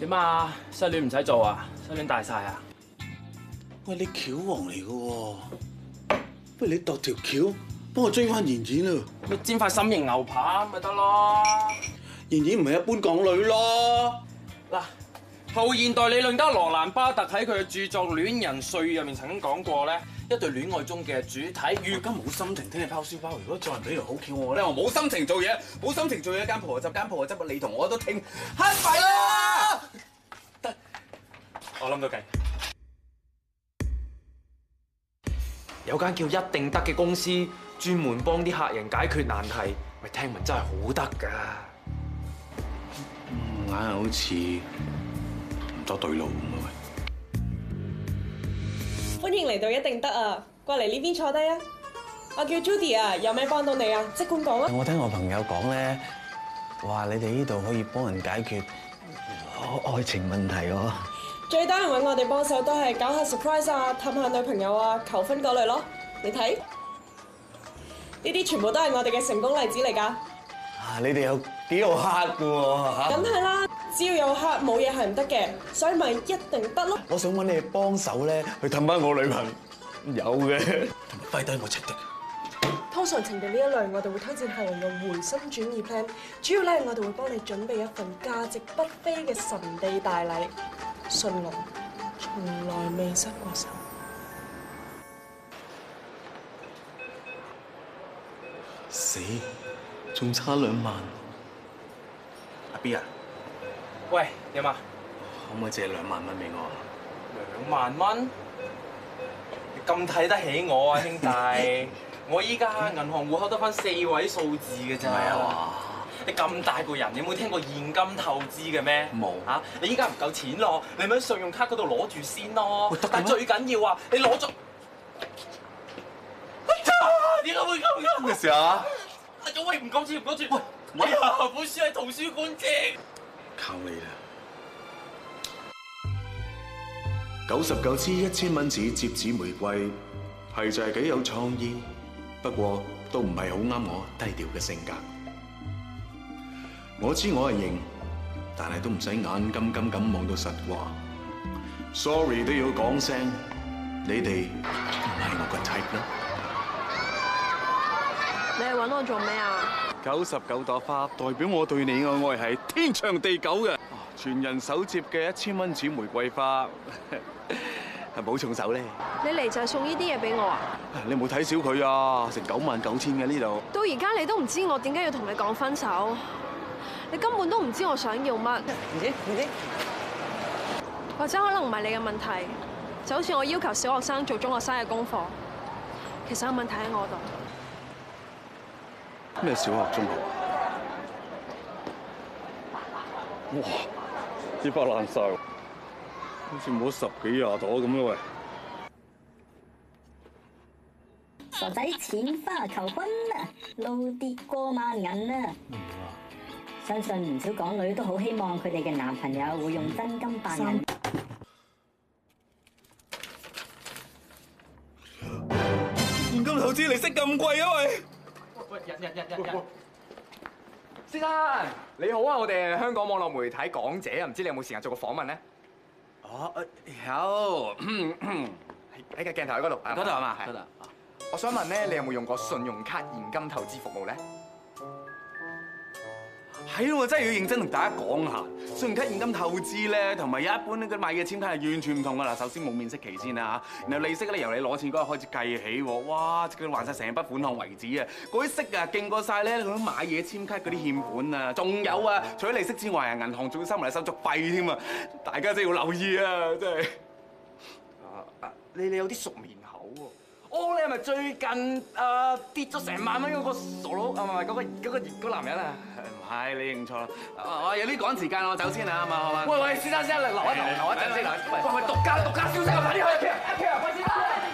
點啊！失戀唔使做啊！失戀大晒啊！喂，你橋王嚟㗎喎，不如你度條橋，幫我追翻妍妍啦！你煎塊心形牛扒咪得咯！妍妍唔係一般港女咯！嗱，後現代理論家羅蘭巴特喺佢嘅著作《戀人絮語》入面曾經講過咧，一對戀愛中嘅主體，如今冇心情聽你拋書包。如果再唔俾條好橋我咧，你我冇心情做嘢，冇心情做嘢。一間鋪就執間鋪又執，你同我都聽乞米啦！我諗到計，有間叫一定得嘅公司，專門幫啲客人解決難題，喂，聽聞真係好得噶。眼好似唔對路咁喂！歡迎嚟到一定得啊，過嚟呢邊坐低啊！我叫 Judy 啊，有咩幫到你啊？即管講啊！我聽我朋友講咧，話你哋呢度可以幫人解決愛情問題。最多人揾我哋幫手都係搞下 surprise 啊，氹下女朋友啊，求婚嗰類咯。你睇呢啲全部都係我哋嘅成功例子嚟噶，啊。你哋有幾有黑嘅？吓，梗係啦，只要有黑冇嘢係唔得嘅，所以咪一定得咯。我想揾你幫手咧，去氹翻我女朋友。有嘅，同埋低低我值得。通常情敵呢一類，我哋會推薦客人用回心轉意 plan，主要咧我哋會幫你準備一份價值不菲嘅神秘大禮。信龍從來未失過手。死，仲差兩萬。阿 B 啊，喂，點啊，可唔可以借兩萬蚊俾我啊？兩萬蚊？你咁睇得起我啊，兄弟？ 我依家銀行戶口得返四位數字嘅啫。Oh. 你咁大個人，你冇聽過現金透支嘅咩？冇嚇沒有，你依家唔夠錢咯，你咪喺信用卡嗰度攞住先咯。但最緊要啊，你攞咗，點解會咁嘅事啊？喂，唔講住唔講住，喂，哎呀，本書喺圖書館借。靠你啦！九十九支一千蚊紙折紙玫瑰，係就係幾有創意，不過都唔係好啱我低調嘅性格。我知我係認，但係都唔使眼金金咁望到實話。Sorry 都要講聲，你哋唔係我個仔啦。你嚟揾我做咩啊？九十九朵花代表我對你嘅愛係天長地久嘅。全人手接嘅一千蚊紙玫瑰花係冇重手咧。你嚟就係送呢啲嘢俾我啊？你唔好睇小佢啊，成九萬九千嘅呢度。到而家你都唔知我點解要同你講分手。你根本都唔知我想要乜？或者可能唔係你嘅問題，就好似我要求小學生做中學生嘅功課，其實有問題喺我度。咩小學中學？哇！呢把爛晒，好似摸十幾廿朵咁樣，喂！傻仔，錢花求婚啦，露跌過萬銀啦。相信唔少港女都好希望佢哋嘅男朋友會用真金白銀。現金投資利息咁貴啊喂！喂，人人人人人，先生你好啊，我哋香港網絡媒體港姐啊，唔知你有冇時間做個訪問咧？哦有，喺個鏡頭喺嗰度啊？嗰度係嘛？嗰度。我想問咧，你有冇用過信用卡現金投資服務咧？係喎，對我真係要認真同大家講下，雖然金金投，信用卡現金透支咧，同埋一般呢佢買嘢簽卡係完全唔同㗎喇。首先冇免息期先啦嚇，然後利息咧由你攞錢嗰日開始計起喎。哇，佢還晒成筆款項為止啊，嗰啲息啊勁過晒咧，佢買嘢簽卡嗰啲欠款啊，仲有啊，除咗利息之外，銀行仲要收埋手續費添啊！大家真係要留意啊，真係、uh, uh, 啊，你你有啲熟面口喎。哦，你係咪最近啊跌咗成萬蚊嗰個傻佬啊？唔係個個嗰個男人啊？唔係你認錯啦！我有啲趕時間，我走先啦，啱嘛？係嘛？喂喂，先生先生，留一留一陣先，來，獨家獨家消息啊，快啲去啊，一條，一條，快啲啦！